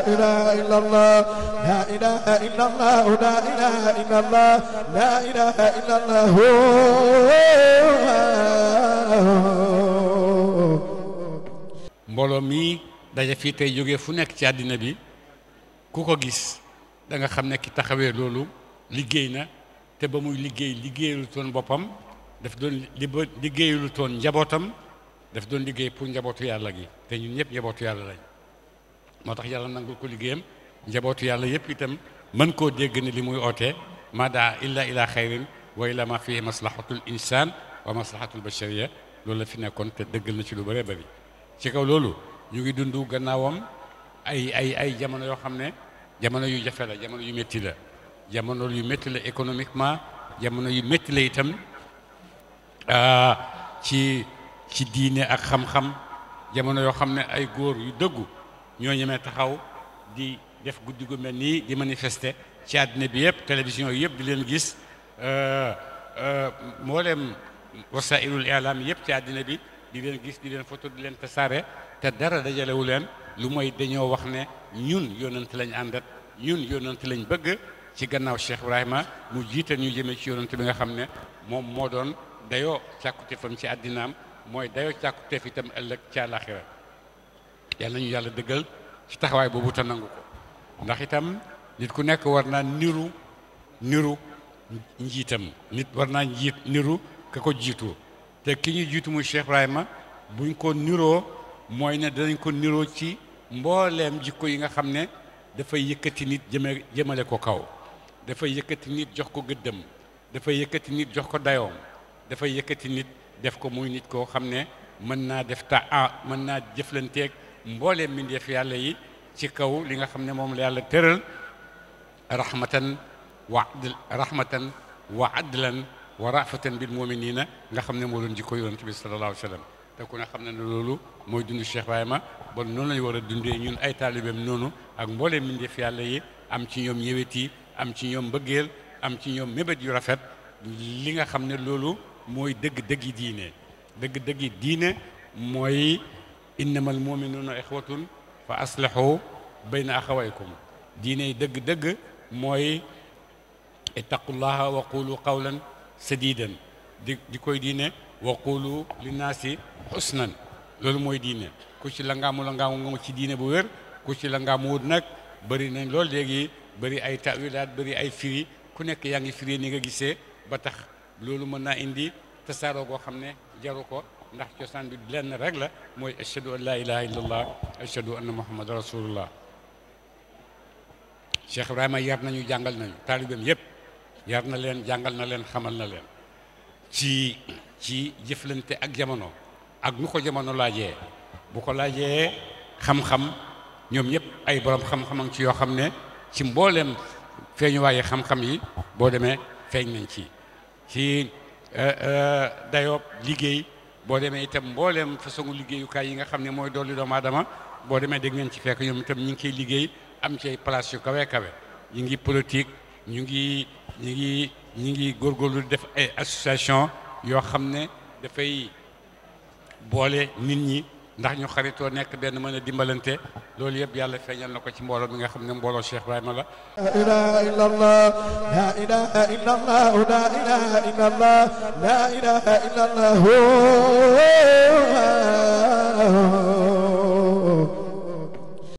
إله إلا الله لا إله إلا الله لا إله mbooloo mii daje fii tey jóge fu nekk ci àddina bi ku ko gis danga xam ne ki taxawee loolu liggéey na te ba muy liggéey liggéeyalu toon boppam daf doon liggéeyalu toon njabootam daf doon liggéey pour njabootu yàlla gi te ñun ñëpp njabootu yàlla lañ motax yàlla nangul ko liggéeyam njabotu yàlla yep itam man ko deg ne limuy oté mada illa ila khairin wa ila ma fihi maslahatul insan wa maslahatul bashariya lolou la fi nekkoon te dëggal na ci lu bare bëri ci kaw lolou ñu ngi dundu gannaawam ay ay ay jamono yo xamne jamono yu jafe la jamono yu métti la jamono yu métti la économiquement jamono yu métti la itam ci ci diine ak xam-xam jamono yo xamne ay góor yu dëggu ñoo ñëmé taxaw di def guddi gu mel di manifester ci àddina bi yëpp télévision yëpp di leen gis euh wasailul ilaam yëpp ci àddina bi di leen gis di leen photo di leen tasaare te dara dajalewu leen lu mooy dañoo wax ne ñun yonent lañ àndat ñun yonent lañ bëgg ci gannaaw Cheikh Ibrahima mu jiital ñu jëmee ci yonent bi nga xam ne moom moo doon dayoo càkkute ci àddinaam mooy dayoo càkkute itam ëllëg ca àlaxira yàlla nañu yàlla dëggal ci taxawaay boobu te nangu ko ndax itam nit ku nekk war naa niru niru njiitam nit war naa njiit niru ka ko jiitu te ki ñu jiitu muy Cheikh Ibrahima buñ ko niroo mooy ne danañ ko niroo ci mbooleem jikko yi nga xam ne dafay yëkkati nit jëme jëmale ko kaw dafay yëkkati nit jox ko gëddëm dafay yëkkati nit jox ko dayoom dafa yëkkati nit def ko muy nit koo xam ne mën naa def ta ah mën naa jëflanteek mbolé mbindeef yàlla yi ci kaw li nga xamné mom la yàlla teural rahmatan wa adl rahmatan wa adlan wa rafatan bil muminina nga xamné mo doon jikko yonent bi sallallahu alayhi wasallam sallam te ku ne xam ne ne loolu Cheikh Ibrahima bon non lañu wara dundé ñun ay talibem nonu ak mbolé mbindeef yàlla yi am ci ñom yeweti am ci ñom bëggel am ci ñom mébét yu rafet li nga xamné lolu moy deug deug deggi diine deug deggi diine moy innama almuminuuna ixwatun fa aslihu bayna axawaykum diiney dëgg-dëgg mooy ittaqullaha wa qulu qawlan sadidan di di koy diine wa qulu linnaasi xusnan loolu mooy diine ku ci la ngaamu la ngaamu nga ci diine bu wér ku ci la ngaamu wut nag bëri nañ loolu léegi bëri ay tawilaat bëri ay firi ku nekk yaa ngi firi ni nga gisee ba tax loolu mën naa indi tasaaroo goo xam ne jaru ko ndax cosaan bi lenn rek la mooy ashadu an laa ilaha illallah ashadu anna muhammad rasulullah Cheikh Ibrahima yar nañu jàngal nañu taalibeem yëpp yar na leen jàngal na leen xamal na leen ci ci jëflante ak jamono ak nu ko jamono laajee bu ko laajee xam-xam ñoom ñëpp ay borom xam-xam ci yoo xam ne ci mbooleem feeñuwaaye xam-xam yi boo demee feeñ nañ ci ci euh, euh, dayoob liggéey boo demee itam mbooleem façon liggéeyukaay yi nga xam ne mooy dolli doomu aadama boo demee dégg ngeen ci fekk ñoom itam ñu ngi koy liggéey am ci ay place yu kawe kawe ñu ngi politique ñu ngi ñu ngi ñu ngi góorgóorlu def ay association yoo xam ne dafay boole nit ñi ndax ñu xaritoo nekk benn mën a dimbalante loolu yëpp yàlla feeñal na ko ci mbooloo mi nga xam ne mbooloo Cheikh Ibrahima la la ilaha allah la ilaha illa allah la ilaha illa allah la ilaha illa allah